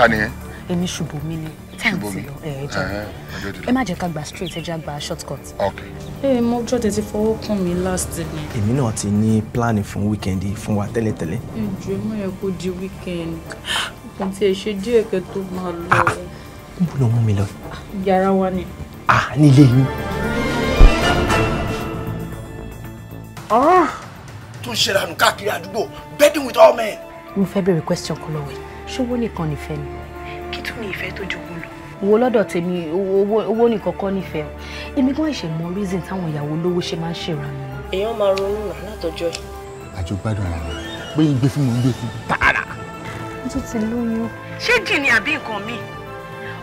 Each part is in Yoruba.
ta ni ẹ. èmi ṣubú mi ni time ti lọ ẹ má jẹ́ ká gba straight ẹ jẹ́ gba short cut. ẹ mo jọ tètè fọwọ́ kàn mí last ni. èmi náà ti ní plan fún weekend fún wa tẹ́lẹ̀tẹ́lẹ̀. ẹ jù ẹ mọ̀ yẹ kó di weekend kò tiẹ̀ ṣe díẹ̀ kẹ́ tó máa lọ. Ah, níbo ló mú mi lọ. yàrá wa ni. ah nílé yín. Ah! tún ṣe ìlànà káàkiri àdúgbò bedding with all men. mo fẹ́ bèrè question kan lọ́wọ́ yìí ṣówó nìkan nífẹ̀ẹ́ ni. kí tún ni ìfẹ́ tó jogún lọ. wo lọ́dọ̀ tèmi owó owó nìkan kọ́ nífẹ̀ẹ́ o èmi gan ṣe mọ reason táwọn ìyàwó olówó ṣe máa ń ṣèrànwọ́. èèyàn máa ronú rà látọjọ́ yìí. àjọ gbádùn ara rẹ pé ń gbé fún mi ń gbé fún tààrà. mo tún ti lóyún. ṣé jì ni àbí nǹkan mi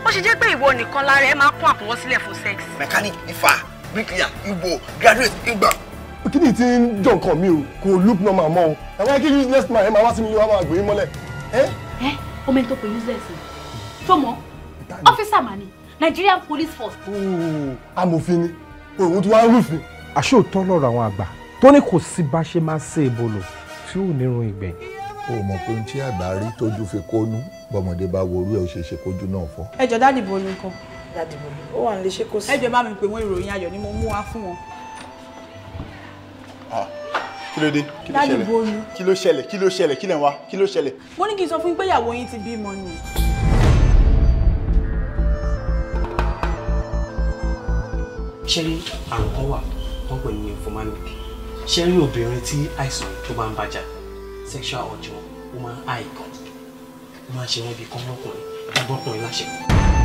ó ṣe jẹ́ pé ìwọ nìkan lára ẹ máa kún àpòwọ́ sílẹ̀ fún sex. mechanic ifá bricklayer ibo graduate igba kí ni ti ń jọ mi o kò look normal mọ́ o àwọn kí useless man ẹ máa wá sí mi yóò wá ẹ eh? eh? ọmọ ẹni tó pè useless tó mọ ọ́fíìsà Mani, Nigerian Police Force. amòfin ni òun ti wá rúfin. àṣòótọ́ lọ́rọ̀ àwọn àgbà tó ní kò sí bá ṣe máa ṣe ìbolo tí ò ní run ìgbẹ́. o mọ̀ pé tí àgbà rí tójú fi kónú bọ́mọdé bá worú ẹ̀ ó ṣe é ṣe kójú náà fọ́. ẹ jọ dáàdì bo ni nǹkan. dáàdì bo ni ó wà nílé ṣé kò sí. ẹ jọ bá mi pè wọ́n ìròyìn ayọ̀ ni mo mú wá fún wọn. Ah. Kilo de, kilo kí kilo ṣẹlẹ̀ kilo ló ṣẹlẹ̀ kí ló ṣẹlẹ̀ kí lẹ ń wá kí ló ṣẹlẹ̀. mo ní kí n sọ fún yín pé ìyàwó yín ti bímọ ni. ṣé rí àrùn kan wà wọ́n pè ní informality ṣé rí obìnrin tí àìsàn tó bá ń bàjá sexual urge wọn ó máa ń àìkàn ó máa ń ṣe wọn bíi kán lọ́kùnrin dábọ́kùnrin láṣẹ.